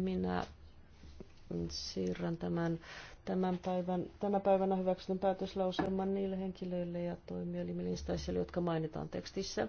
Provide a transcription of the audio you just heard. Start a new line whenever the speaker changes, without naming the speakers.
Minä siirrän tämän, tämän päivän, tänä päivänä hyväksytyn päätöslauselman niille henkilöille ja toimielimille, jotka mainitaan tekstissä.